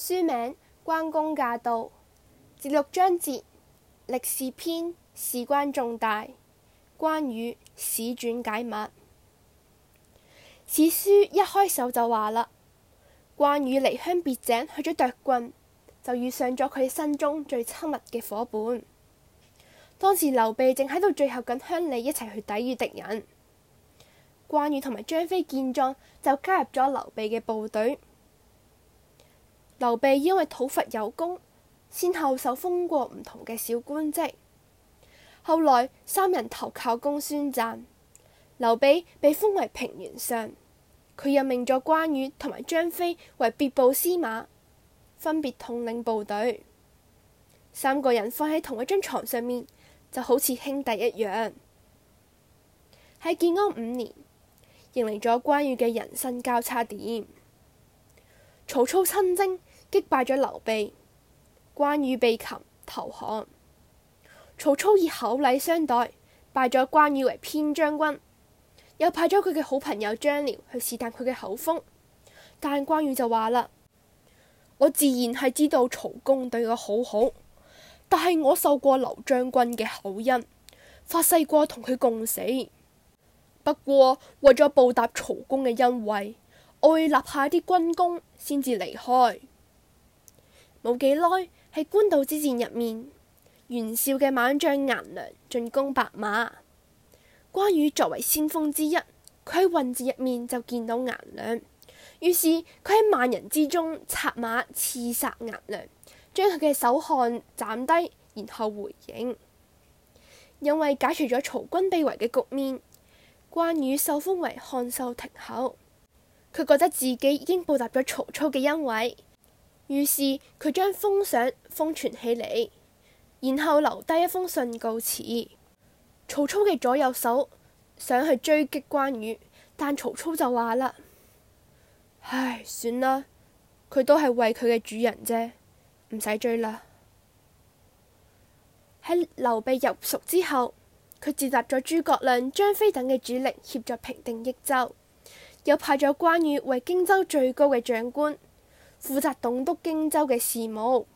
書名《關公駕到》，第六章節《歷史篇》，事關重大。關羽史傳解密。此書一開手就話啦，關羽離鄉別井去咗涿郡，就遇上咗佢心中最親密嘅夥伴。當時劉備正喺度聚合緊鄉里一齊去抵禦敵人，關羽同埋張飛見狀就加入咗劉備嘅部隊。劉備因為討伐有功，先後受封過唔同嘅小官職。後來三人投靠公孫瓚，劉備被封為平原相。佢任命咗關羽同埋張飛為別部司馬，分別統領部隊。三個人放喺同一張床上面，就好似兄弟一樣。喺建安五年，迎嚟咗關羽嘅人生交叉點。曹操親征。擊敗咗劉備，關羽被擒投降，曹操以厚禮相待，拜咗關羽為偏將軍，又派咗佢嘅好朋友張遼去試探佢嘅口風。但關羽就話啦：我自然係知道曹公對我好好，但係我受過劉將軍嘅厚恩，發誓過同佢共死。不過為咗報答曹公嘅恩惠，我會立下啲軍功先至離開。冇幾耐，喺官渡之戰入面，袁紹嘅猛將顏良進攻白馬，關羽作為先鋒之一，佢喺混戰入面就見到顏良，於是佢喺萬人之中策馬刺殺顏良，將佢嘅首級斬低，然後回營。因為解除咗曹軍被圍嘅局面，關羽受封為漢壽亭侯，佢覺得自己已經報答咗曹操嘅恩惠。於是佢將封相封存起嚟，然後留低一封信告辭。曹操嘅左右手想去追擊關羽，但曹操就話啦，唉，算啦，佢都係為佢嘅主人啫，唔使追啦。喺劉備入蜀之後，佢召集咗諸葛亮、張飛等嘅主力協助平定益州，又派咗關羽為荊州最高嘅長官。負責董督荊州嘅事務，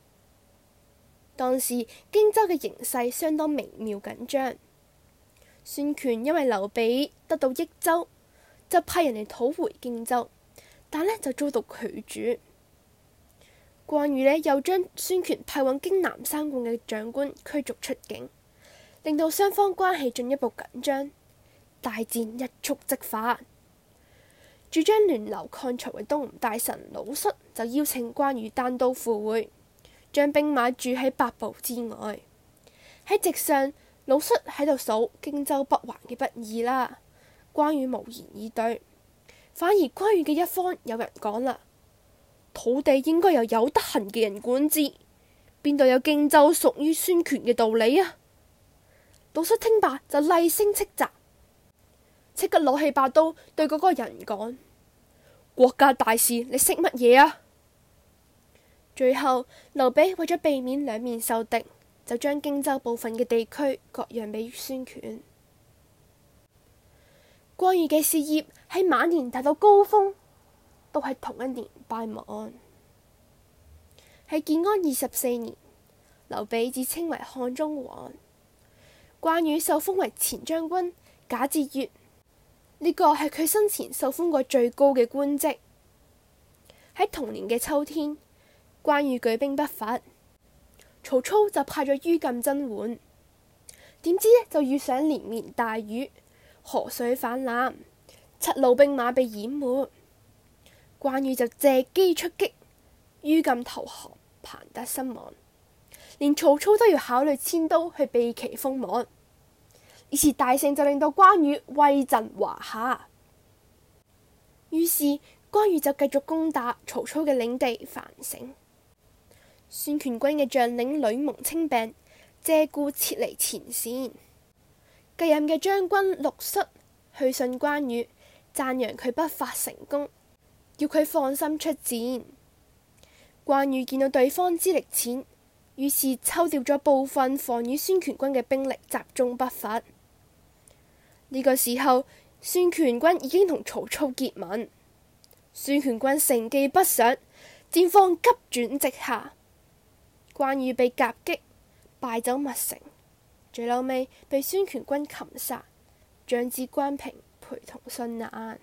當時荊州嘅形勢相當微妙緊張。孫權因為劉備得到益州，就派人嚟討回荊州，但呢就遭到拒絕。關羽呢又將孫權派往荊南三郡嘅長官驅逐出境，令到雙方關係進一步緊張，大戰一觸即發。主張聯劉抗曹嘅東吳大臣，魯肅就邀請關羽單刀赴會，將兵馬駐喺百步之外。喺席上，魯肅喺度數荊州不還嘅不義啦。關羽無言以對，反而關羽嘅一方有人講啦：土地應該由有，有德行嘅人管治，邊度有荊州屬於孫權嘅道理啊？魯肅聽罷就厲聲斥責。即刻攞起把刀，對嗰個人講：國家大事，你識乜嘢啊？最後，劉備為咗避免兩面受敵，就將荊州部分嘅地區割讓俾孫權。關羽嘅事業喺晚年達到高峰，都係同一年敗亡。喺建安二十四年，劉備自稱為漢中王，關羽受封為前將軍，假節鉞。呢個係佢生前受封過最高嘅官職。喺同年嘅秋天，關羽舉兵不發，曹操就派咗于禁增援。點知呢就遇上連綿大雨，河水泛濫，七路兵馬被淹沒。關羽就借機出擊，于禁投降，龐德身亡，連曹操都要考慮遷都去避其鋒芒。於是大勝就令到關羽威震華夏。於是關羽就繼續攻打曹操嘅領地樊城。孫權軍嘅將領呂蒙稱病，借故撤離前綫。繼任嘅將軍陸遜去信關羽，讚揚佢北伐成功，要佢放心出戰。關羽見到對方資歷淺，於是抽調咗部分防禦孫權軍嘅兵力，集中北伐。呢個時候，孫權軍已經同曹操結盟。孫權軍乘機北上，戰況急轉直下。關羽被夾擊，敗走麥城，最後尾被孫權軍擒殺。長子關平陪同殉難。